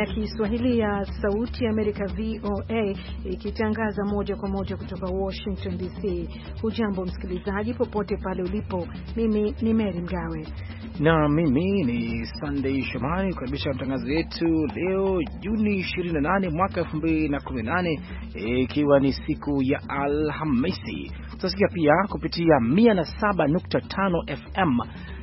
ya Kiswahili ya Sauti ya Amerika, VOA, ikitangaza moja kwa moja kutoka Washington DC. Hujambo msikilizaji, popote pale ulipo. Mimi ni Mary Mgawe na mimi ni Sunday Shomari kukaribisha matangazo yetu leo Juni 28 mwaka 2018, ikiwa ni siku ya Alhamisi. Tutasikia pia kupitia 107.5 FM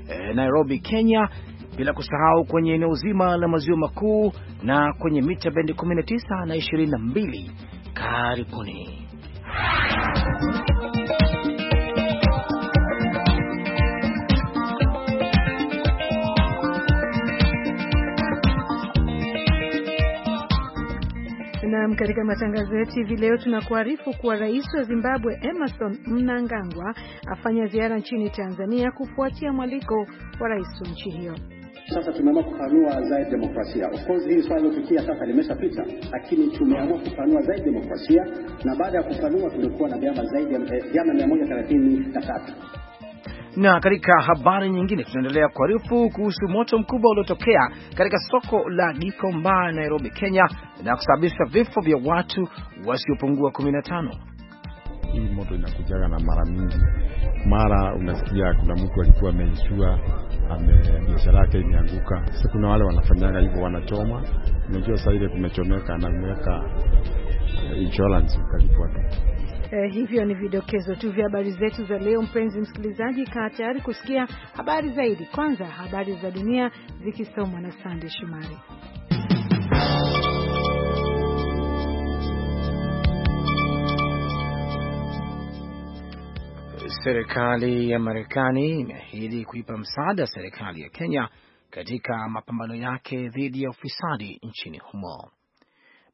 eh, Nairobi, Kenya bila kusahau kwenye eneo zima la maziwa makuu na kwenye mita bendi 19 na 22. Karibuni. katika matangazo yetu hivi leo tunakuarifu kuwa rais wa Zimbabwe Emerson Mnangagwa afanya ziara nchini Tanzania kufuatia mwaliko wa rais wa nchi hiyo. Sasa tumeamua kupanua zaidi demokrasia. Of course hili swala lilotukia sasa limeshapita, lakini tumeamua kupanua zaidi demokrasia, na baada ya kupanua tumekuwa na vyama zaidi ya eh, vyama mia moja thelathini na tatu na katika habari nyingine tunaendelea kuharifu kuhusu moto mkubwa uliotokea katika soko la Gikomba, Nairobi, Kenya, na kusababisha vifo vya watu wasiopungua 15. Hii moto inakujaga na mara mingi, mara unasikia kuna mtu alikuwa ameishua biashara yake imeanguka. Sasa kuna wale wanafanyaga hivyo, wanachoma. Unajua saa ile kumechomeka, anamweka eh, insurance ukalipwa Eh, hivyo ni vidokezo tu vya habari zetu za leo. Mpenzi msikilizaji, kaa tayari kusikia habari zaidi. Kwanza habari za dunia zikisomwa na Sande Shumari. Serikali ya Marekani imeahidi kuipa msaada serikali ya Kenya katika mapambano yake dhidi ya ufisadi nchini humo.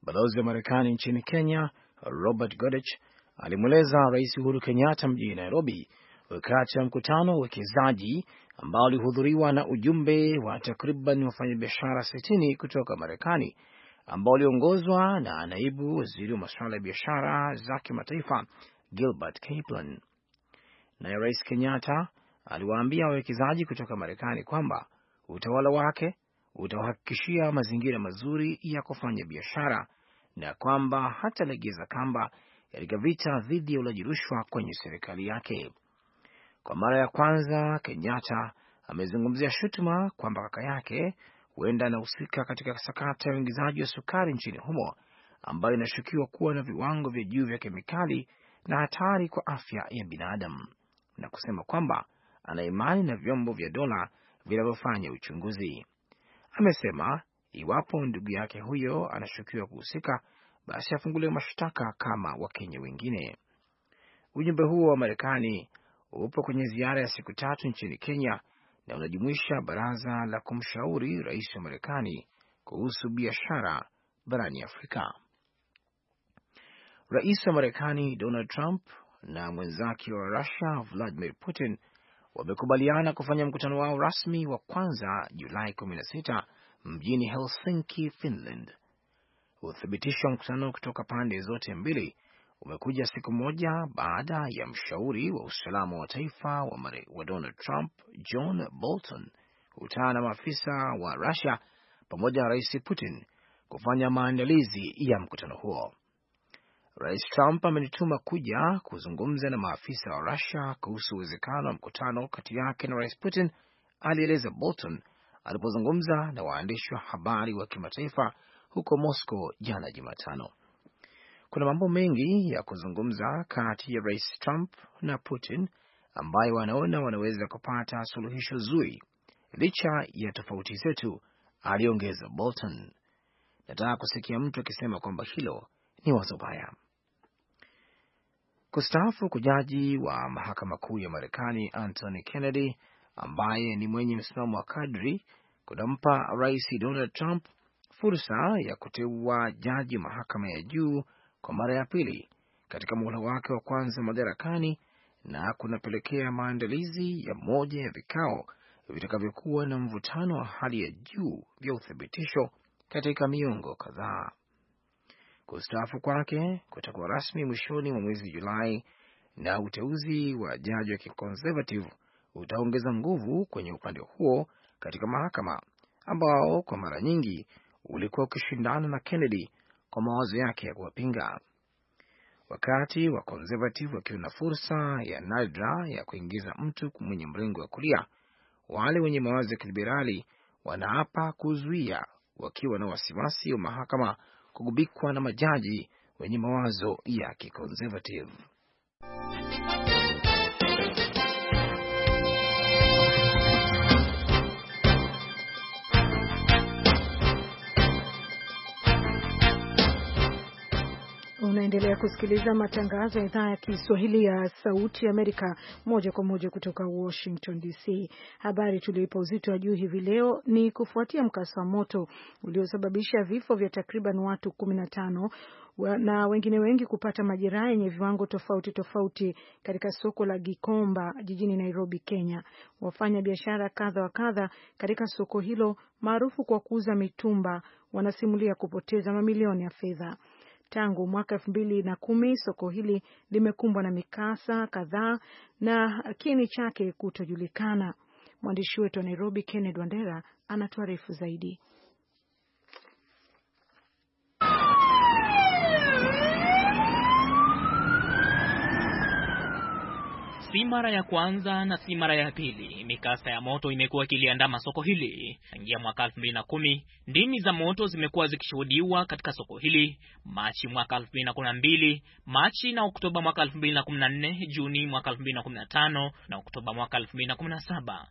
Balozi wa Marekani nchini Kenya Robert Godich alimweleza Rais Uhuru Kenyatta mjini Nairobi wakati wa mkutano wa uwekezaji ambao ulihudhuriwa na ujumbe wa takriban wafanyabiashara sitini kutoka Marekani ambao uliongozwa na naibu waziri wa masuala ya biashara za kimataifa Gilbert Kaplan. Naye Rais Kenyatta aliwaambia wawekezaji kutoka Marekani kwamba utawala wake utawahakikishia mazingira mazuri ya kufanya biashara na kwamba hatalegeza kamba katika vita dhidi ya ulaji rushwa kwenye serikali yake. Kwa mara ya kwanza, Kenyatta amezungumzia shutuma kwamba kaka yake huenda anahusika katika sakata ya uingizaji wa sukari nchini humo ambayo inashukiwa kuwa na viwango vya juu vya kemikali na hatari kwa afya ya binadamu na kusema kwamba ana imani na vyombo vya dola vinavyofanya uchunguzi. Amesema iwapo ndugu yake huyo anashukiwa kuhusika, basi afunguliwe mashtaka kama Wakenya wengine. Ujumbe huo wa Marekani upo kwenye ziara ya siku tatu nchini Kenya na unajumuisha baraza la kumshauri rais wa Marekani kuhusu biashara barani Afrika. Rais wa Marekani Donald Trump na mwenzake wa Rusia Vladimir Putin wamekubaliana kufanya mkutano wao rasmi wa kwanza Julai 16 mjini Helsinki, Finland. Uthibitisho wa mkutano kutoka pande zote mbili umekuja siku moja baada ya mshauri wa usalama wa taifa wa, mare, wa Donald Trump John Bolton kukutana na maafisa wa Rusia pamoja na Rais Putin kufanya maandalizi ya mkutano huo. Rais Trump amenituma kuja kuzungumza na maafisa wa Rusia kuhusu uwezekano wa mkutano kati yake na Rais Putin, alieleza Bolton alipozungumza na waandishi wa habari wa kimataifa huko Moscow jana Jumatano. Kuna mambo mengi ya kuzungumza kati ya Rais Trump na Putin ambayo wanaona wanaweza kupata suluhisho zuri licha ya tofauti zetu, aliongeza Bolton. Nataka kusikia mtu akisema kwamba hilo ni wazobaya. Kustaafu kwa jaji wa mahakama kuu ya Marekani Anthony Kennedy, ambaye ni mwenye msimamo wa kadri, kunampa Rais Donald Trump fursa ya kuteua jaji mahakama ya juu kwa mara ya pili katika muhula wake wa kwanza madarakani na kunapelekea maandalizi ya moja ya vikao vitakavyokuwa na mvutano wa hali ya juu vya uthibitisho katika miongo kadhaa. Kustaafu kwake kutakuwa rasmi mwishoni mwa mwezi Julai, na uteuzi wa jaji wa kiconservative utaongeza nguvu kwenye upande huo katika mahakama ambao kwa mara nyingi ulikuwa ukishindana na Kennedy kwa mawazo yake ya kuwapinga. Wakati wa conservative wakiwa na fursa ya nadra ya kuingiza mtu mwenye mrengo wa kulia, wale wenye mawazo ya kiliberali wanaapa kuzuia, wakiwa na wasiwasi wa mahakama kugubikwa na majaji wenye mawazo ya kiconservative. Unaendelea kusikiliza matangazo ya idhaa ya Kiswahili ya Sauti Amerika moja kwa moja kutoka Washington DC. Habari tuliyoipa uzito wa juu hivi leo ni kufuatia mkasa wa moto uliosababisha vifo vya takriban watu tano na wengine wengi kupata majeraha yenye viwango tofauti tofauti katika soko la Gikomba jijini Nairobi, Kenya. Wafanya biashara kadha wa kadha katika soko hilo maarufu kwa kuuza mitumba wanasimulia kupoteza mamilioni ya fedha. Tangu mwaka elfu mbili na kumi soko hili limekumbwa na mikasa kadhaa na kiini chake kutojulikana. Mwandishi wetu wa Nairobi, Kenneth Wandera, anatuarifu zaidi. Si mara ya kwanza na si mara ya pili mikasa ya moto imekuwa ikiliandama soko hili. Tangia mwaka 2010 ndimi za moto zimekuwa zikishuhudiwa katika soko hili: Machi mwaka 2012, Machi na Oktoba mwaka 2014, Juni mwaka 2015 na Oktoba mwaka 2017.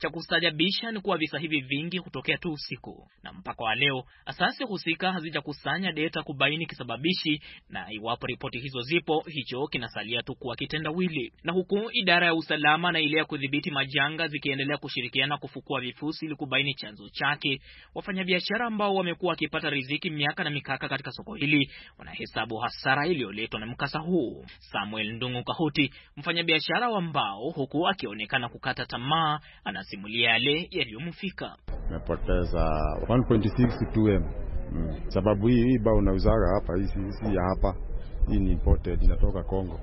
Cha kustajabisha ni kuwa visa hivi vingi hutokea tu usiku, na mpaka wa leo asasi husika hazijakusanya data kubaini kisababishi, na iwapo ripoti hizo zipo, hicho kinasalia tu kuwa kitendawili. Na huku idara ya usalama na ile ya kudhibiti majanga zikiendelea kushirikiana kufukua vifusi ili kubaini chanzo chake, wafanyabiashara ambao wamekuwa wakipata riziki miaka na mikaka katika soko hili wanahesabu hasara iliyoletwa na mkasa huu. Samuel Ndungu Kahuti, mfanyabiashara wa mbao, huku akionekana kukata tamaa, ana asimulia yale yaliyomfika. Nimepoteza 1.62 m Mm. Sababu hii hii bao unauzaga hapa hii si ya hapa. Hii ni imported inatoka Kongo.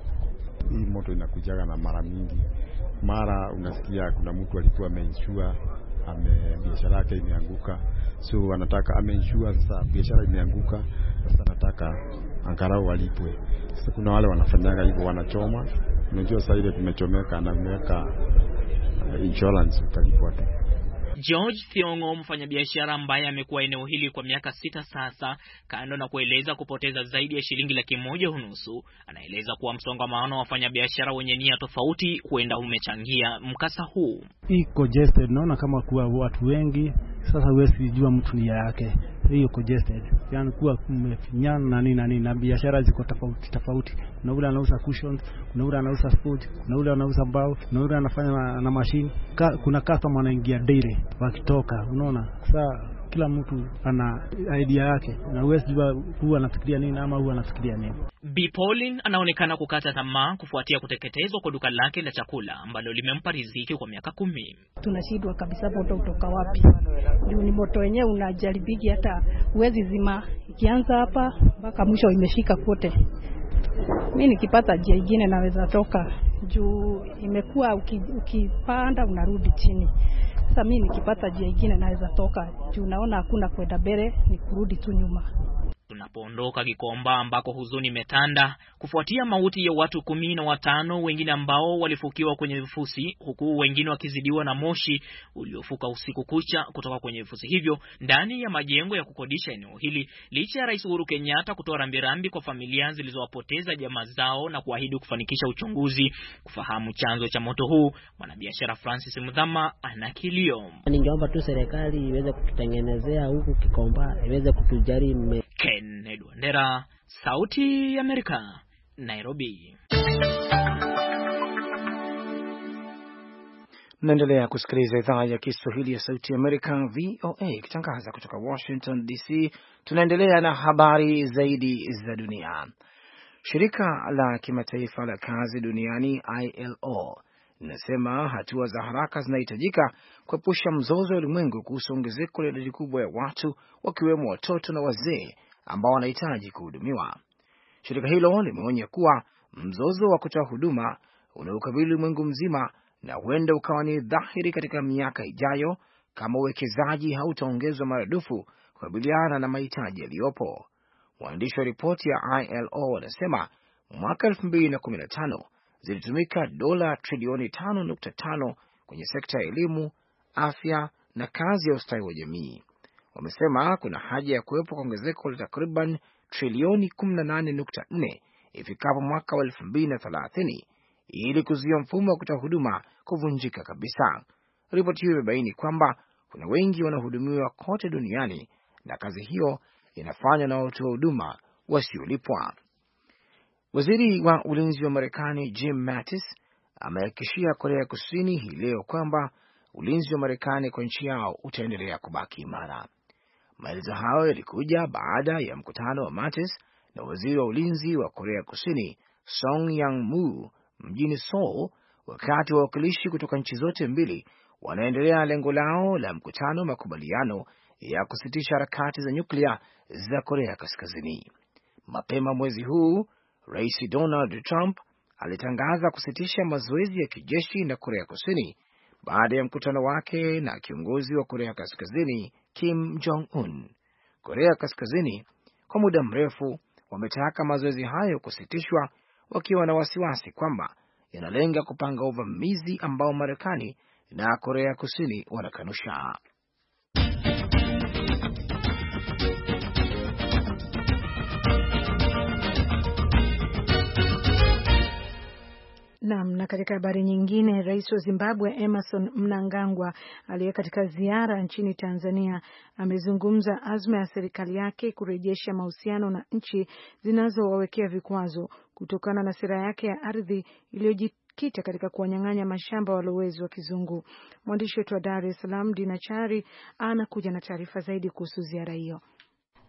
Hii moto inakujaga na mara mingi. Mara unasikia kuna mtu alikuwa ameinsure ame biashara yake imeanguka, so anataka ameinsure sasa biashara imeanguka, sasa anataka angalau walipwe. Sasa kuna wale wanafanyaga hivyo, wanachoma. Unajua sasa ile tumechomeka na umeweka insurance utalipwa George Thiongo, mfanyabiashara ambaye amekuwa eneo hili kwa miaka sita sasa, kando na kueleza kupoteza zaidi ya shilingi laki moja unusu, anaeleza kuwa msongamano wa wafanyabiashara wenye nia tofauti huenda umechangia mkasa huu. Iko jeste, naona kama kuwa watu wengi sasa, huwezi jua mtu nia yake hiyo congested, yani kuwa kumefinyana na nini na nini, na biashara ziko tofauti tofauti. Kuna ule anauza cushions, kuna ule anauza sport, kuna ule anauza mbao, kuna ule anafanya na, na mashini. Kuna customer anaingia daily wakitoka, unaona Sasa kila mtu ana idea yake na huwezi jua huu anafikiria nini ama huu anafikiria nini. Bi anaonekana kukata tamaa kufuatia kuteketezwa kwa duka lake la chakula ambalo limempa riziki kwa miaka kumi. Tunashindwa kabisa, moto utoka wapi? Juu ni moto wenyewe unajaribiki, hata huwezi zima, ikianza hapa mpaka mwisho imeshika kote. Mi nikipata njia ingine naweza toka juu, imekuwa ukipanda uki unarudi chini sasa mi nikipata jia ingine naweza toka juu, naona hakuna kwenda mbele, ni kurudi tu nyuma tunapoondoka Gikomba ambako huzuni imetanda kufuatia mauti ya watu kumi na watano wengine ambao walifukiwa kwenye vifusi, huku wengine wakizidiwa na moshi uliofuka usiku kucha kutoka kwenye vifusi hivyo ndani ya majengo ya kukodisha eneo hili, licha ya Rais Uhuru Kenyatta kutoa rambirambi kwa familia zilizowapoteza jamaa zao na kuahidi kufanikisha uchunguzi kufahamu chanzo cha moto huu. Mwanabiashara Francis Mudhama ana kilio: ningeomba tu serikali iweze kututengenezea huku Kikomba, iweze kutujali Kennedy Wandera, Sauti ya Amerika, Nairobi. Mnaendelea kusikiliza idhaa ya Kiswahili ya Sauti Amerika, VOA, ikitangaza kutoka Washington DC. Tunaendelea na habari zaidi za dunia. Shirika la kimataifa la kazi duniani ILO linasema hatua za haraka zinahitajika kuepusha mzozo wa ulimwengu kuhusu ongezeko la idadi kubwa ya watu wakiwemo watoto na wazee ambao wanahitaji kuhudumiwa. Shirika hilo limeonya kuwa mzozo wa kutoa huduma unaokabili ulimwengu mzima na huenda ukawa ni dhahiri katika miaka ijayo kama uwekezaji hautaongezwa maradufu kukabiliana na mahitaji yaliyopo. Waandishi wa ripoti ya ILO wanasema mwaka 2015 zilitumika dola trilioni 5.5 kwenye sekta ya elimu, afya na kazi ya ustawi wa jamii wamesema kuna haja ya kuwepo kwa ongezeko la takriban trilioni 18.4 ifikapo mwaka wa 2030 ili kuzuia mfumo wa kutoa huduma kuvunjika kabisa. Ripoti hiyo imebaini kwamba kuna wengi wanaohudumiwa kote duniani na kazi hiyo inafanywa na watoa huduma wasiolipwa. Waziri wa ulinzi wa Marekani Jim Mattis amehakikishia Korea Kusini hii leo kwamba ulinzi wa Marekani kwa nchi yao utaendelea kubaki imara. Maelezo hayo yalikuja baada ya mkutano wa Mattis na waziri wa ulinzi wa Korea Kusini Song Yang Mu mjini Seoul, wakati wa wawakilishi kutoka nchi zote mbili wanaendelea lengo lao la mkutano wa makubaliano ya kusitisha harakati za nyuklia za Korea Kaskazini. Mapema mwezi huu Rais Donald Trump alitangaza kusitisha mazoezi ya kijeshi na Korea Kusini baada ya mkutano wake na kiongozi wa Korea Kaskazini Kim Jong Un. Korea Kaskazini kwa muda mrefu wametaka mazoezi hayo kusitishwa, wakiwa na wasiwasi kwamba yanalenga kupanga uvamizi ambao Marekani na Korea Kusini wanakanusha. Naam, na katika habari nyingine, rais wa Zimbabwe Emerson Mnangagwa aliye katika ziara nchini Tanzania amezungumza azma ya serikali yake kurejesha mahusiano na nchi zinazowawekea vikwazo kutokana na sera yake ya ardhi iliyojikita katika kuwanyang'anya mashamba walowezi wa kizungu. Mwandishi wetu wa Dar es Salaam Dina Chari anakuja na taarifa zaidi kuhusu ziara hiyo.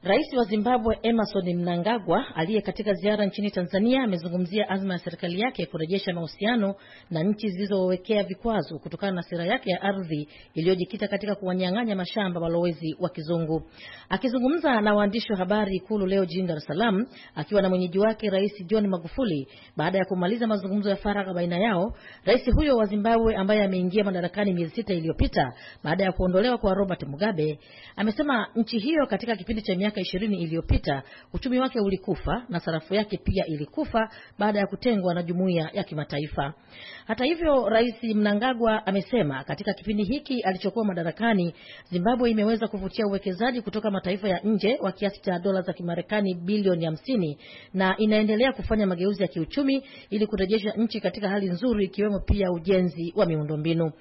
Rais wa Zimbabwe Emerson Mnangagwa aliye katika ziara nchini Tanzania amezungumzia azma ya serikali yake kurejesha mahusiano na nchi zilizowekea vikwazo kutokana na sera yake ya ardhi iliyojikita katika kuwanyang'anya mashamba walowezi wa kizungu. Akizungumza na waandishi wa habari Ikulu leo jijini Dar es Salaam akiwa na mwenyeji wake Rais John Magufuli baada ya kumaliza mazungumzo ya faragha baina yao, rais huyo wa Zimbabwe ambaye ameingia madarakani miezi sita iliyopita baada ya kuondolewa kwa Robert Mugabe amesema nchi hiyo katika kipindi cha miaka ishirini iliyopita uchumi wake ulikufa na sarafu yake pia ilikufa baada ya kutengwa na jumuiya ya kimataifa. Hata hivyo, Rais Mnangagwa amesema katika kipindi hiki alichokuwa madarakani, Zimbabwe imeweza kuvutia uwekezaji kutoka mataifa ya nje wa kiasi cha dola za Kimarekani bilioni hamsini na inaendelea kufanya mageuzi ya kiuchumi ili kurejesha nchi katika hali nzuri, ikiwemo pia ujenzi wa miundombinu.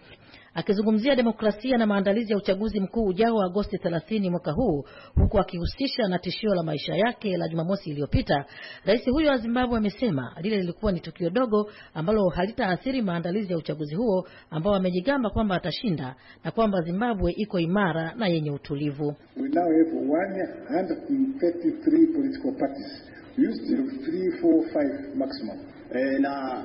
Akizungumzia demokrasia na maandalizi ya uchaguzi mkuu ujao wa Agosti 30 mwaka huu, huku akihusisha na tishio la maisha yake la Jumamosi iliyopita, rais huyo wa Zimbabwe amesema lile lilikuwa ni tukio dogo ambalo halitaathiri maandalizi ya uchaguzi huo ambao amejigamba kwamba atashinda na kwamba Zimbabwe iko imara na yenye utulivu. We now have 133 political parties. used to maximum. Eh, na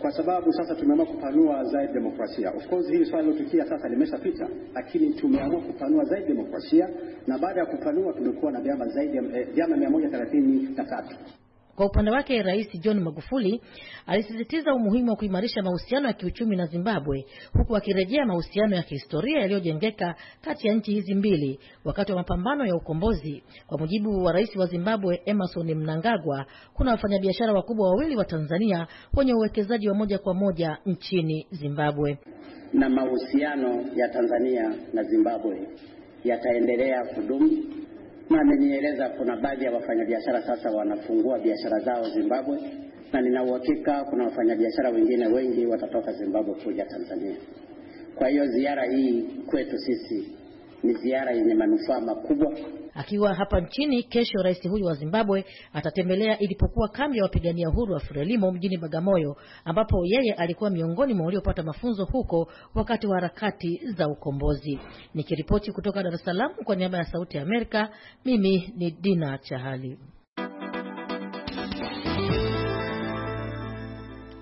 kwa sababu sasa tumeamua kupanua zaidi demokrasia. Of course hili swala lilotukia sasa limeshapita, lakini tumeamua kupanua zaidi demokrasia, na baada ya kupanua tumekuwa na vyama zaidi ya eh, vyama mia moja thelathini na tatu. Kwa upande wake, Rais John Magufuli alisisitiza umuhimu wa kuimarisha mahusiano ya kiuchumi na Zimbabwe, huku akirejea mahusiano ya kihistoria yaliyojengeka kati ya nchi hizi mbili wakati wa mapambano ya ukombozi. Kwa mujibu wa Rais wa Zimbabwe Emerson Mnangagwa, kuna wafanyabiashara wakubwa wawili wa Tanzania wenye uwekezaji wa moja kwa moja nchini Zimbabwe, na mahusiano ya Tanzania na Zimbabwe yataendelea kudumu na amenieleza kuna baadhi ya wafanyabiashara sasa wanafungua biashara zao Zimbabwe, na nina uhakika kuna wafanyabiashara wengine wengi watatoka Zimbabwe kuja Tanzania. Kwa hiyo ziara hii kwetu sisi ni ziara yenye manufaa makubwa Akiwa hapa nchini kesho, rais huyu wa Zimbabwe atatembelea ilipokuwa kambi ya wapigania uhuru wa Frelimo mjini Bagamoyo, ambapo yeye alikuwa miongoni mwa waliopata mafunzo huko wakati wa harakati za ukombozi. Nikiripoti kutoka Dar es Salaam kwa niaba ya Sauti ya Amerika, mimi ni Dina Chahali.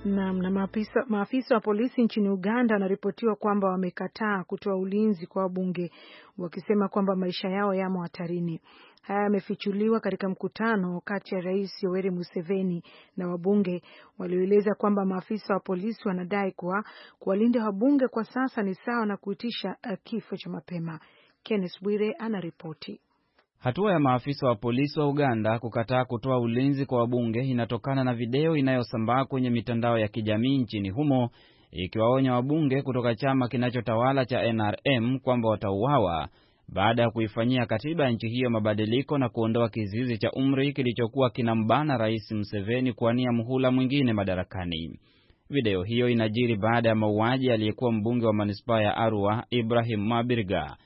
Naam, na maafisa, maafisa wa polisi nchini Uganda wanaripotiwa kwamba wamekataa kutoa ulinzi kwa wabunge wakisema kwamba maisha yao yamo hatarini. Haya yamefichuliwa katika mkutano kati ya Rais Yoweri Museveni na wabunge walioeleza kwamba maafisa wa polisi wanadai kuwa kuwalinda wabunge kwa sasa ni sawa na kuitisha kifo cha mapema. Kenneth Bwire anaripoti. Hatua ya maafisa wa polisi wa Uganda kukataa kutoa ulinzi kwa wabunge inatokana na video inayosambaa kwenye mitandao ya kijamii nchini humo ikiwaonya wabunge kutoka chama kinachotawala cha NRM kwamba watauawa baada ya kuifanyia katiba ya nchi hiyo mabadiliko na kuondoa kizuizi cha umri kilichokuwa kinambana Rais Museveni kuwania muhula mwingine madarakani. Video hiyo inajiri baada ya mauaji aliyekuwa mbunge wa manispaa ya Arua Ibrahim Mabirga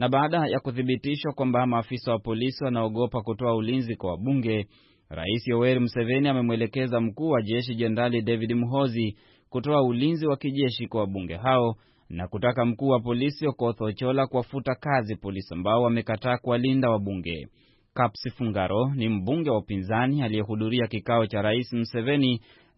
na baada ya kuthibitishwa kwamba maafisa wa polisi wanaogopa kutoa ulinzi kwa wabunge, Rais Yoweri Museveni amemwelekeza mkuu wa jeshi Jenerali David Muhozi kutoa ulinzi wa kijeshi kwa wabunge hao na kutaka mkuu wa polisi Okoth Ochola kuwafuta kazi polisi ambao wamekataa kuwalinda wabunge. Kapsi Fungaro ni mbunge wa upinzani aliyehudhuria kikao cha Rais Museveni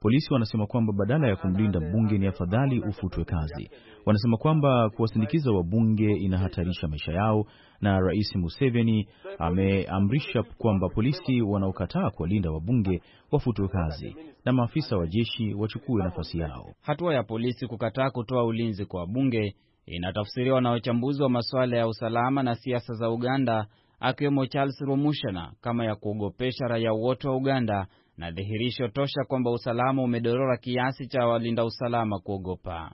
Polisi wanasema kwamba badala ya kumlinda mbunge ni afadhali ufutwe kazi. Wanasema kwamba kuwasindikiza wabunge inahatarisha maisha yao, na Rais Museveni ameamrisha kwamba polisi wanaokataa kuwalinda wabunge wafutwe kazi na maafisa wa jeshi wachukue nafasi yao. Hatua ya polisi kukataa kutoa ulinzi kwa wabunge inatafsiriwa na wachambuzi wa masuala ya usalama na siasa za Uganda, akiwemo Charles romushana kama ya kuogopesha raia wote wa Uganda na dhihirisho tosha kwamba usalama umedorora kiasi cha walinda usalama kuogopa.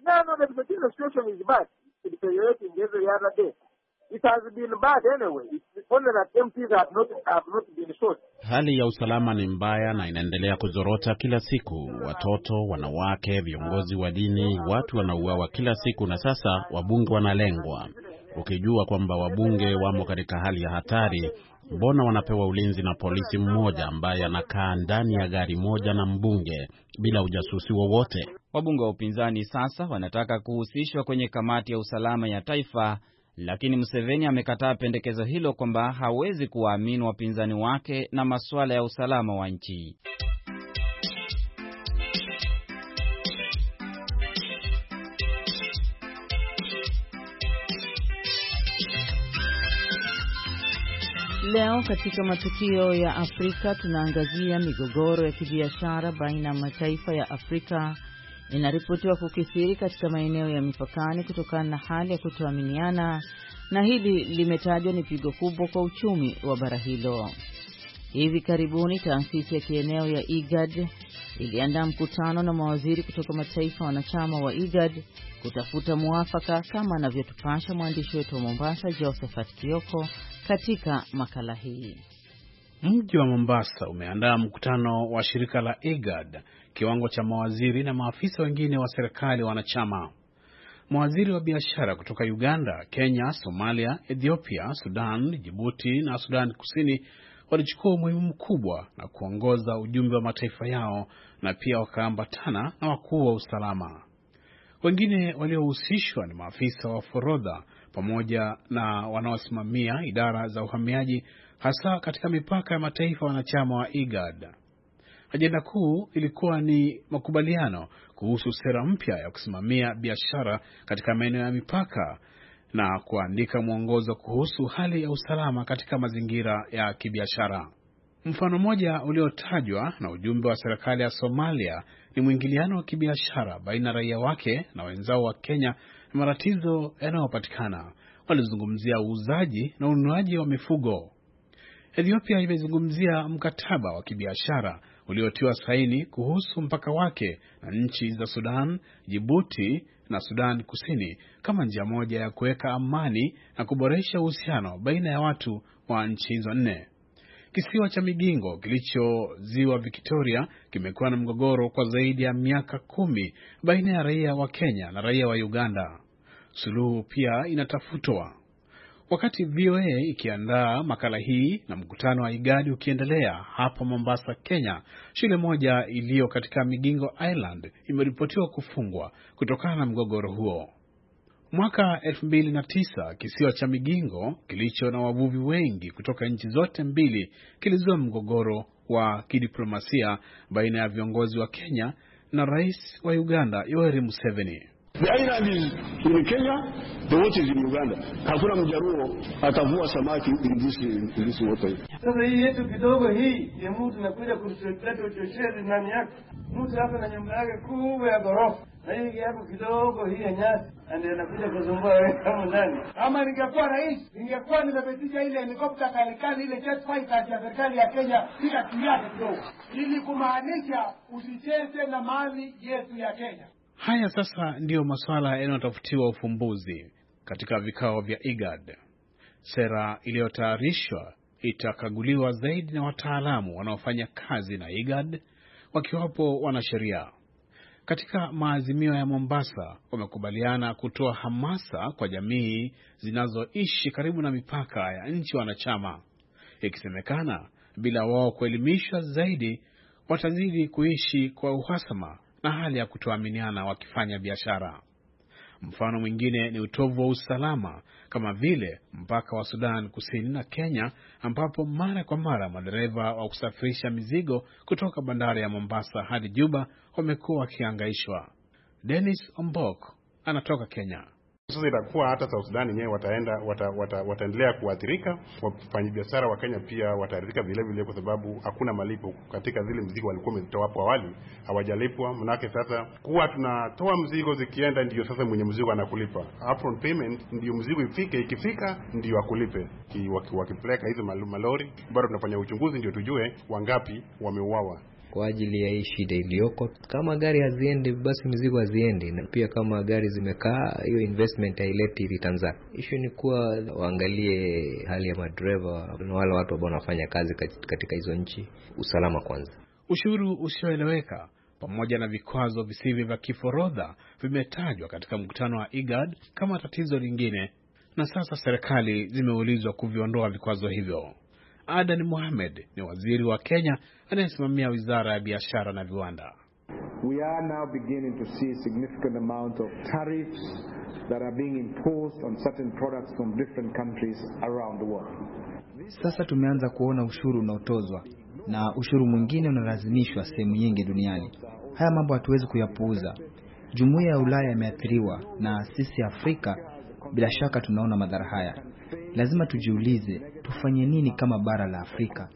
Hali ya usalama ni mbaya na inaendelea kuzorota kila siku. Watoto, wanawake, viongozi wa dini, watu wanauawa kila siku, na sasa wabunge wanalengwa, ukijua kwamba wabunge wamo katika hali ya hatari mbona wanapewa ulinzi na polisi mmoja ambaye anakaa ndani ya gari moja na mbunge bila ujasusi wowote? Wabunge wa upinzani sasa wanataka kuhusishwa kwenye kamati ya usalama ya taifa, lakini Museveni amekataa pendekezo hilo kwamba hawezi kuwaamini wapinzani wake na masuala ya usalama wa nchi. Leo katika matukio ya Afrika tunaangazia migogoro ya kibiashara baina ya mataifa ya Afrika inaripotiwa kukithiri katika maeneo ya mipakani kutokana na hali ya kutoaminiana, na hili limetajwa ni pigo kubwa kwa uchumi wa bara hilo. Hivi karibuni taasisi ya kieneo ya IGAD iliandaa mkutano na mawaziri kutoka mataifa wanachama wa IGAD kutafuta mwafaka, kama anavyotupasha mwandishi wetu wa Mombasa Josephat Kioko katika makala hii. Mji wa Mombasa umeandaa mkutano wa shirika la IGAD kiwango cha mawaziri na maafisa wengine wa serikali wanachama. Mawaziri wa biashara kutoka Uganda, Kenya, Somalia, Ethiopia, Sudan, Jibuti na Sudan Kusini walichukua umuhimu mkubwa na kuongoza ujumbe wa mataifa yao na pia wakaambatana na wakuu wa usalama. Wengine waliohusishwa ni maafisa wa forodha pamoja na wanaosimamia idara za uhamiaji, hasa katika mipaka ya mataifa wanachama wa IGAD. Ajenda kuu ilikuwa ni makubaliano kuhusu sera mpya ya kusimamia biashara katika maeneo ya mipaka na kuandika mwongozo kuhusu hali ya usalama katika mazingira ya kibiashara. Mfano mmoja uliotajwa na ujumbe wa serikali ya Somalia ni mwingiliano wa kibiashara baina ya raia wake na wenzao wa Kenya na matatizo yanayopatikana. Walizungumzia uuzaji na ununuaji wa mifugo. Ethiopia imezungumzia mkataba wa kibiashara uliotiwa saini kuhusu mpaka wake na nchi za Sudan, Jibuti, na Sudan Kusini kama njia moja ya kuweka amani na kuboresha uhusiano baina ya watu wa nchi hizo nne. Kisiwa cha Migingo kilicho ziwa Victoria kimekuwa na mgogoro kwa zaidi ya miaka kumi baina ya raia wa Kenya na raia wa Uganda. Suluhu pia inatafutwa. Wakati VOA ikiandaa makala hii na mkutano wa IGADI ukiendelea hapa Mombasa, Kenya, shule moja iliyo katika Migingo Island imeripotiwa kufungwa kutokana na mgogoro huo. Mwaka 2009 kisiwa cha Migingo kilicho na wavuvi wengi kutoka nchi zote mbili kilizua mgogoro wa kidiplomasia baina ya viongozi wa Kenya na rais wa Uganda Yoweri Museveni the island is in Kenya the water is in Uganda hakuna mjaruo atavua samaki in this, in this water sasa hii yetu kidogo hii ya mtu nakuja kuleta uchochezi ndani yake mtu hapa na nyumba yake kubwa ya ghorofa na hii yako kidogo hii ya nyasi ndio anakuja kuzumbua wewe kama nani ama ningekuwa rais ningekuwa nimepitisha ile helikopta kalikali ile jet fighter ya serikali ya Kenya ikakimbia kidogo ili kumaanisha usicheze na mali yetu ya Kenya Haya sasa ndiyo masuala yanayotafutiwa ufumbuzi katika vikao vya IGAD. Sera iliyotayarishwa itakaguliwa zaidi na wataalamu wanaofanya kazi na IGAD, wakiwapo wanasheria. Katika maazimio ya Mombasa, wamekubaliana kutoa hamasa kwa jamii zinazoishi karibu na mipaka ya nchi wanachama, ikisemekana bila wao kuelimishwa zaidi watazidi kuishi kwa uhasama na hali ya kutoaminiana wakifanya biashara. Mfano mwingine ni utovu wa usalama kama vile mpaka wa Sudan Kusini na Kenya, ambapo mara kwa mara madereva wa kusafirisha mizigo kutoka bandari ya Mombasa hadi Juba wamekuwa wakihangaishwa. Dennis Ombok anatoka Kenya. Sasa itakuwa hata South Sudan yenyewe wataenda wata, wata, wataendelea kuathirika. Wafanyabiashara wa Kenya pia wataathirika vile vile, kwa sababu hakuna malipo katika zile mzigo walikuwa wamezitoa hapo awali, hawajalipwa. Mnake sasa kuwa tunatoa mzigo zikienda, ndiyo sasa mwenye mzigo anakulipa upfront payment, ndiyo mzigo ifike, ikifika ndiyo akulipe. Wakipeleka hizo malori, bado tunafanya uchunguzi ndio tujue wangapi wameuawa kwa ajili ya hii shida iliyoko. Kama gari haziendi, basi mizigo haziendi, na pia kama gari zimekaa, hiyo investment haileti returns zake. Issue ni kuwa waangalie hali ya madereva na wale watu ambao wanafanya kazi katika hizo nchi, usalama kwanza. Ushuru usioeleweka pamoja na vikwazo visivyo vya kiforodha vimetajwa katika mkutano wa IGAD kama tatizo lingine, na sasa serikali zimeulizwa kuviondoa vikwazo hivyo. Adan Mohamed ni waziri wa Kenya anayesimamia wizara ya biashara na viwanda. We are now beginning to see significant amount of tariffs that are being imposed on certain products from different countries around the world. Sasa tumeanza kuona ushuru unaotozwa na ushuru mwingine unalazimishwa sehemu nyingi duniani. Haya mambo hatuwezi kuyapuuza. Jumuiya ya Ulaya imeathiriwa na sisi Afrika bila shaka tunaona madhara haya. Lazima tujiulize tufanye nini kama bara la Afrika?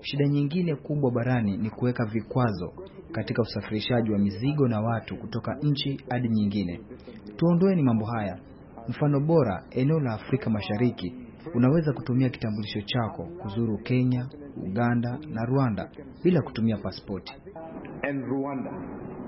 Shida nyingine kubwa barani ni kuweka vikwazo katika usafirishaji wa mizigo na watu kutoka nchi hadi nyingine. tuondoe ni mambo haya. Mfano bora, eneo la Afrika Mashariki, unaweza kutumia kitambulisho chako kuzuru Kenya, Uganda na Rwanda bila kutumia pasipoti. And Rwanda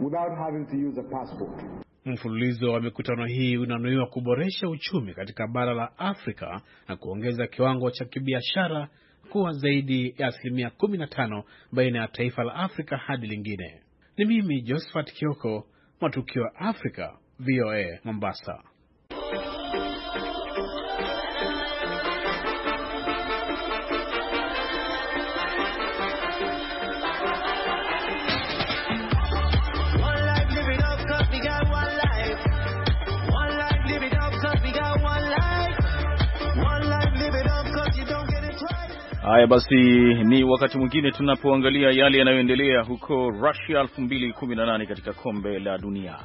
without having to use a passport. Mfululizo wa mikutano hii unanuiwa kuboresha uchumi katika bara la Afrika na kuongeza kiwango cha kibiashara kuwa zaidi ya asilimia 15 baina ya taifa la Afrika hadi lingine. Ni mimi Josephat Kioko, Matukio ya Afrika, VOA Mombasa. Haya basi, ni wakati mwingine tunapoangalia yale yanayoendelea huko Russia 2018 katika kombe la dunia.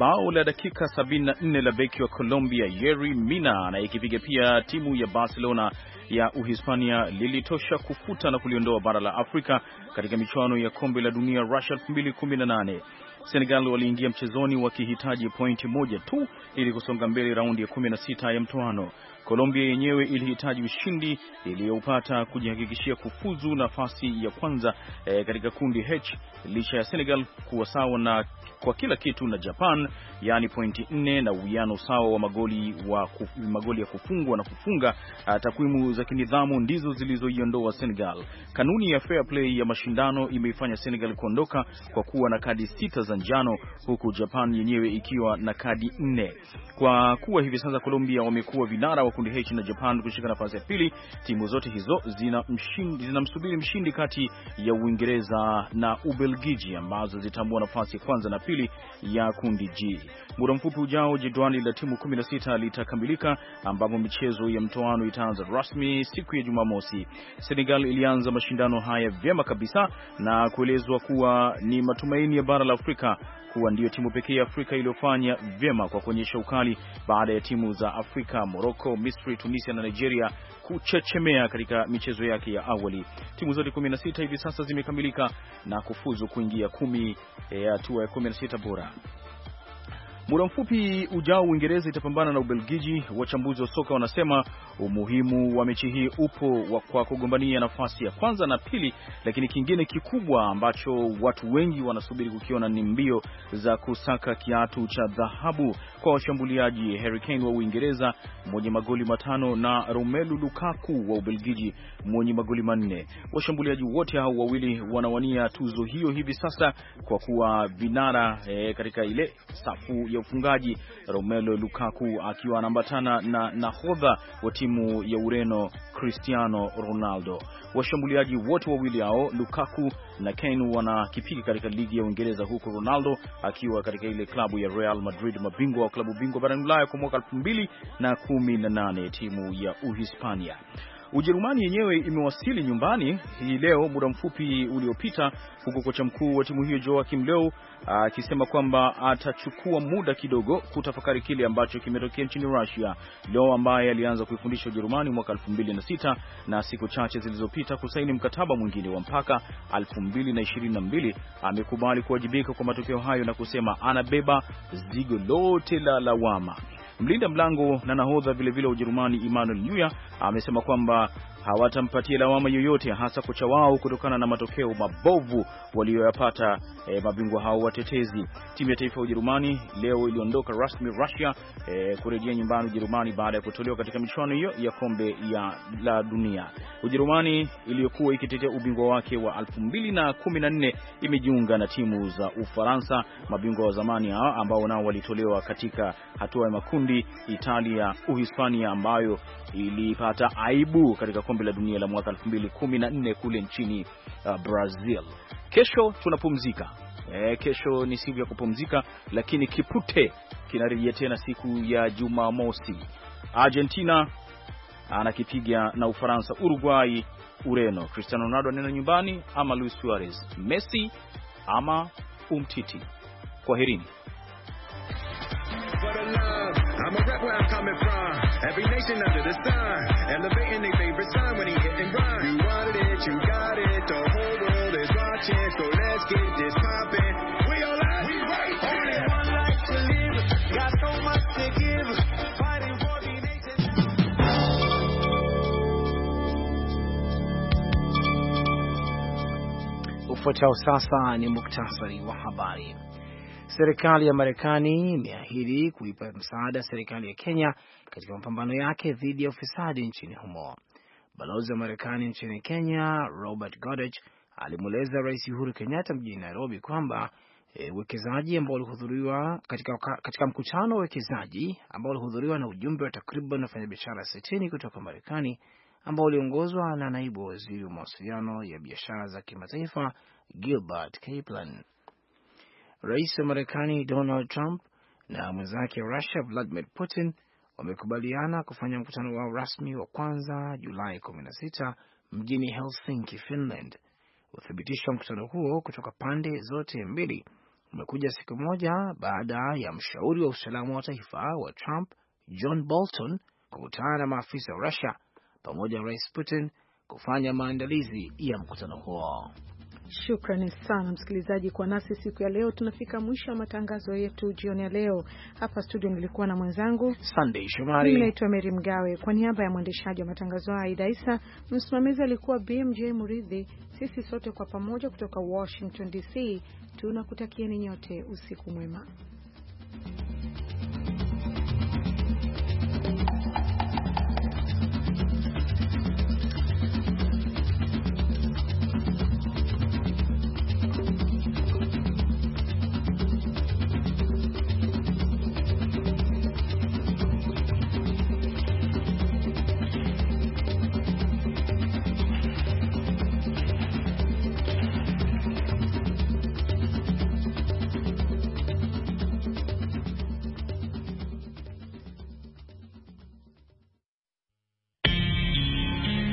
Bao la dakika 74 la beki wa Colombia Yeri Mina na ikipiga pia timu ya Barcelona ya Uhispania lilitosha kufuta na kuliondoa bara la Afrika katika michuano ya kombe la dunia Russia 2018. Senegal waliingia mchezoni wakihitaji pointi moja tu ili kusonga mbele raundi ya 16 ya mtoano. Colombia yenyewe ilihitaji ushindi iliyoupata kujihakikishia kufuzu nafasi ya kwanza e, katika kundi H licha ya Senegal kuwa sawa na kwa kila kitu na Japan, yaani pointi nne na uwiano sawa wa magoli, wa kuf, magoli ya kufungwa na kufunga. Ah, takwimu za kinidhamu ndizo zilizoiondoa Senegal. Kanuni ya fair play ya mashindano imeifanya Senegal kuondoka kwa kuwa na kadi sita za njano, huku Japan yenyewe ikiwa na kadi nne. Kwa kuwa hivi sasa Colombia wamekuwa vinara wa kundi H na Japan kushika nafasi ya pili. Timu zote hizo zinamsubiri zina mshindi kati ya Uingereza na Ubelgiji ambazo zitambua nafasi ya kwanza na pili ya kundi G. Muda mfupi ujao jedwali la timu 16 litakamilika, ambapo michezo ya mtoano itaanza rasmi siku ya Jumamosi. Senegal ilianza mashindano haya vyema kabisa na kuelezwa kuwa ni matumaini ya bara la Afrika kuwa ndiyo timu pekee ya Afrika iliyofanya vyema kwa kuonyesha ukali baada ya timu za Afrika, Morocco, Misri, Tunisia na Nigeria kuchechemea katika michezo yake ya awali. Timu zote 16 hivi sasa zimekamilika na kufuzu kuingia kumi ya eh, hatua ya 16 bora. Muda mfupi ujao Uingereza itapambana na Ubelgiji. Wachambuzi wa soka wanasema umuhimu wa mechi hii upo kwa kugombania nafasi ya kwanza na pili, lakini kingine kikubwa ambacho watu wengi wanasubiri kukiona ni mbio za kusaka kiatu cha dhahabu kwa washambuliaji Harry Kane wa Uingereza mwenye magoli matano na Romelu Lukaku wa Ubelgiji mwenye magoli manne. Washambuliaji wote hao wawili wanawania tuzo hiyo hivi sasa kwa kuwa vinara e, katika ile safu ya ufungaji Romelu Lukaku akiwa anaambatana na nahodha wa timu ya Ureno Cristiano Ronaldo. Washambuliaji wote wawili hao Lukaku na Kane wanakipiga katika ligi ya Uingereza, huku Ronaldo akiwa katika ile klabu ya Real Madrid, mabingwa wa klabu bingwa barani Ulaya kwa mwaka 2018 timu ya Uhispania. Ujerumani yenyewe imewasili nyumbani hii leo muda mfupi uliopita, huku kocha mkuu wa timu hiyo Joachim Low ah, akisema kwamba atachukua muda kidogo kutafakari kile ambacho kimetokea nchini Russia. Low ambaye alianza kuifundisha Ujerumani mwaka 2006 na siku chache zilizopita kusaini mkataba mwingine wa mpaka 2022 amekubali kuwajibika kwa matokeo hayo na kusema anabeba zigo lote la lawama. Mlinda mlango na nahodha vilevile wa Ujerumani Emmanuel Neuer amesema kwamba hawatampatia lawama yoyote, hasa kocha wao kutokana na matokeo mabovu walioyapata e, mabingwa hao watetezi. Timu ya taifa ya Ujerumani leo iliondoka rasmi Russia e, kurejea nyumbani Ujerumani baada ya kutolewa katika michuano hiyo ya kombe ya la dunia. Ujerumani iliyokuwa ikitetea ubingwa wake wa 2014 imejiunga na timu za Ufaransa, mabingwa wa zamani hao ambao nao walitolewa katika hatua ya makundi, Italia, Uhispania ambayo ilipata aibu katika kombe la dunia la mwaka 2014 kule nchini uh, Brazil. Kesho tunapumzika. E, kesho ni siku ya kupumzika, lakini kipute kinarejea tena siku ya Jumamosi. Argentina anakipiga na Ufaransa, Uruguay, Ureno. Cristiano Ronaldo anaenda nyumbani ama Luis Suarez, Messi ama Umtiti. Kwaherini. Every nation under the sun, elevating their favorite son when he hit and grind. You wanted it, you got it, the whole world is watching, so let's get this poppin'. We all out, we right here. Only one life to live, got so much to give, fighting for the nation. Ufuatao sasa ni muktasari wa habari. Serikali ya Marekani imeahidi kuipa msaada serikali ya Kenya katika mapambano yake dhidi ya ufisadi nchini humo. Balozi wa Marekani nchini Kenya Robert godech alimweleza Rais Uhuru Kenyatta mjini Nairobi kwamba e, uwekezaji e, ambao ulihudhuriwa katika, katika mkutano wa uwekezaji ambao ulihudhuriwa na ujumbe wa takriban wafanyabiashara sitini kutoka Marekani ambao uliongozwa na naibu waziri wa mawasiliano ya biashara za kimataifa Gilbert Kaplan rais wa Marekani Donald Trump na mwenzake wa Russia Vladimir Putin wamekubaliana kufanya mkutano wao rasmi wa kwanza Julai 16 mjini Helsinki, Finland. Uthibitisho wa mkutano huo kutoka pande zote mbili umekuja siku moja baada ya mshauri wa usalama wa taifa wa Trump John Bolton kukutana na maafisa wa Russia pamoja na rais Putin kufanya maandalizi ya mkutano huo. Shukrani sana msikilizaji kwa nasi siku ya leo. Tunafika mwisho wa matangazo yetu jioni ya leo. Hapa studio nilikuwa na mwenzangu Sunday Shomari, naitwa Meri Mgawe. Kwa niaba ya mwendeshaji wa matangazo haya Aida Isa, msimamizi alikuwa BMJ Muridhi. Sisi sote kwa pamoja kutoka Washington DC tunakutakieni nyote usiku mwema.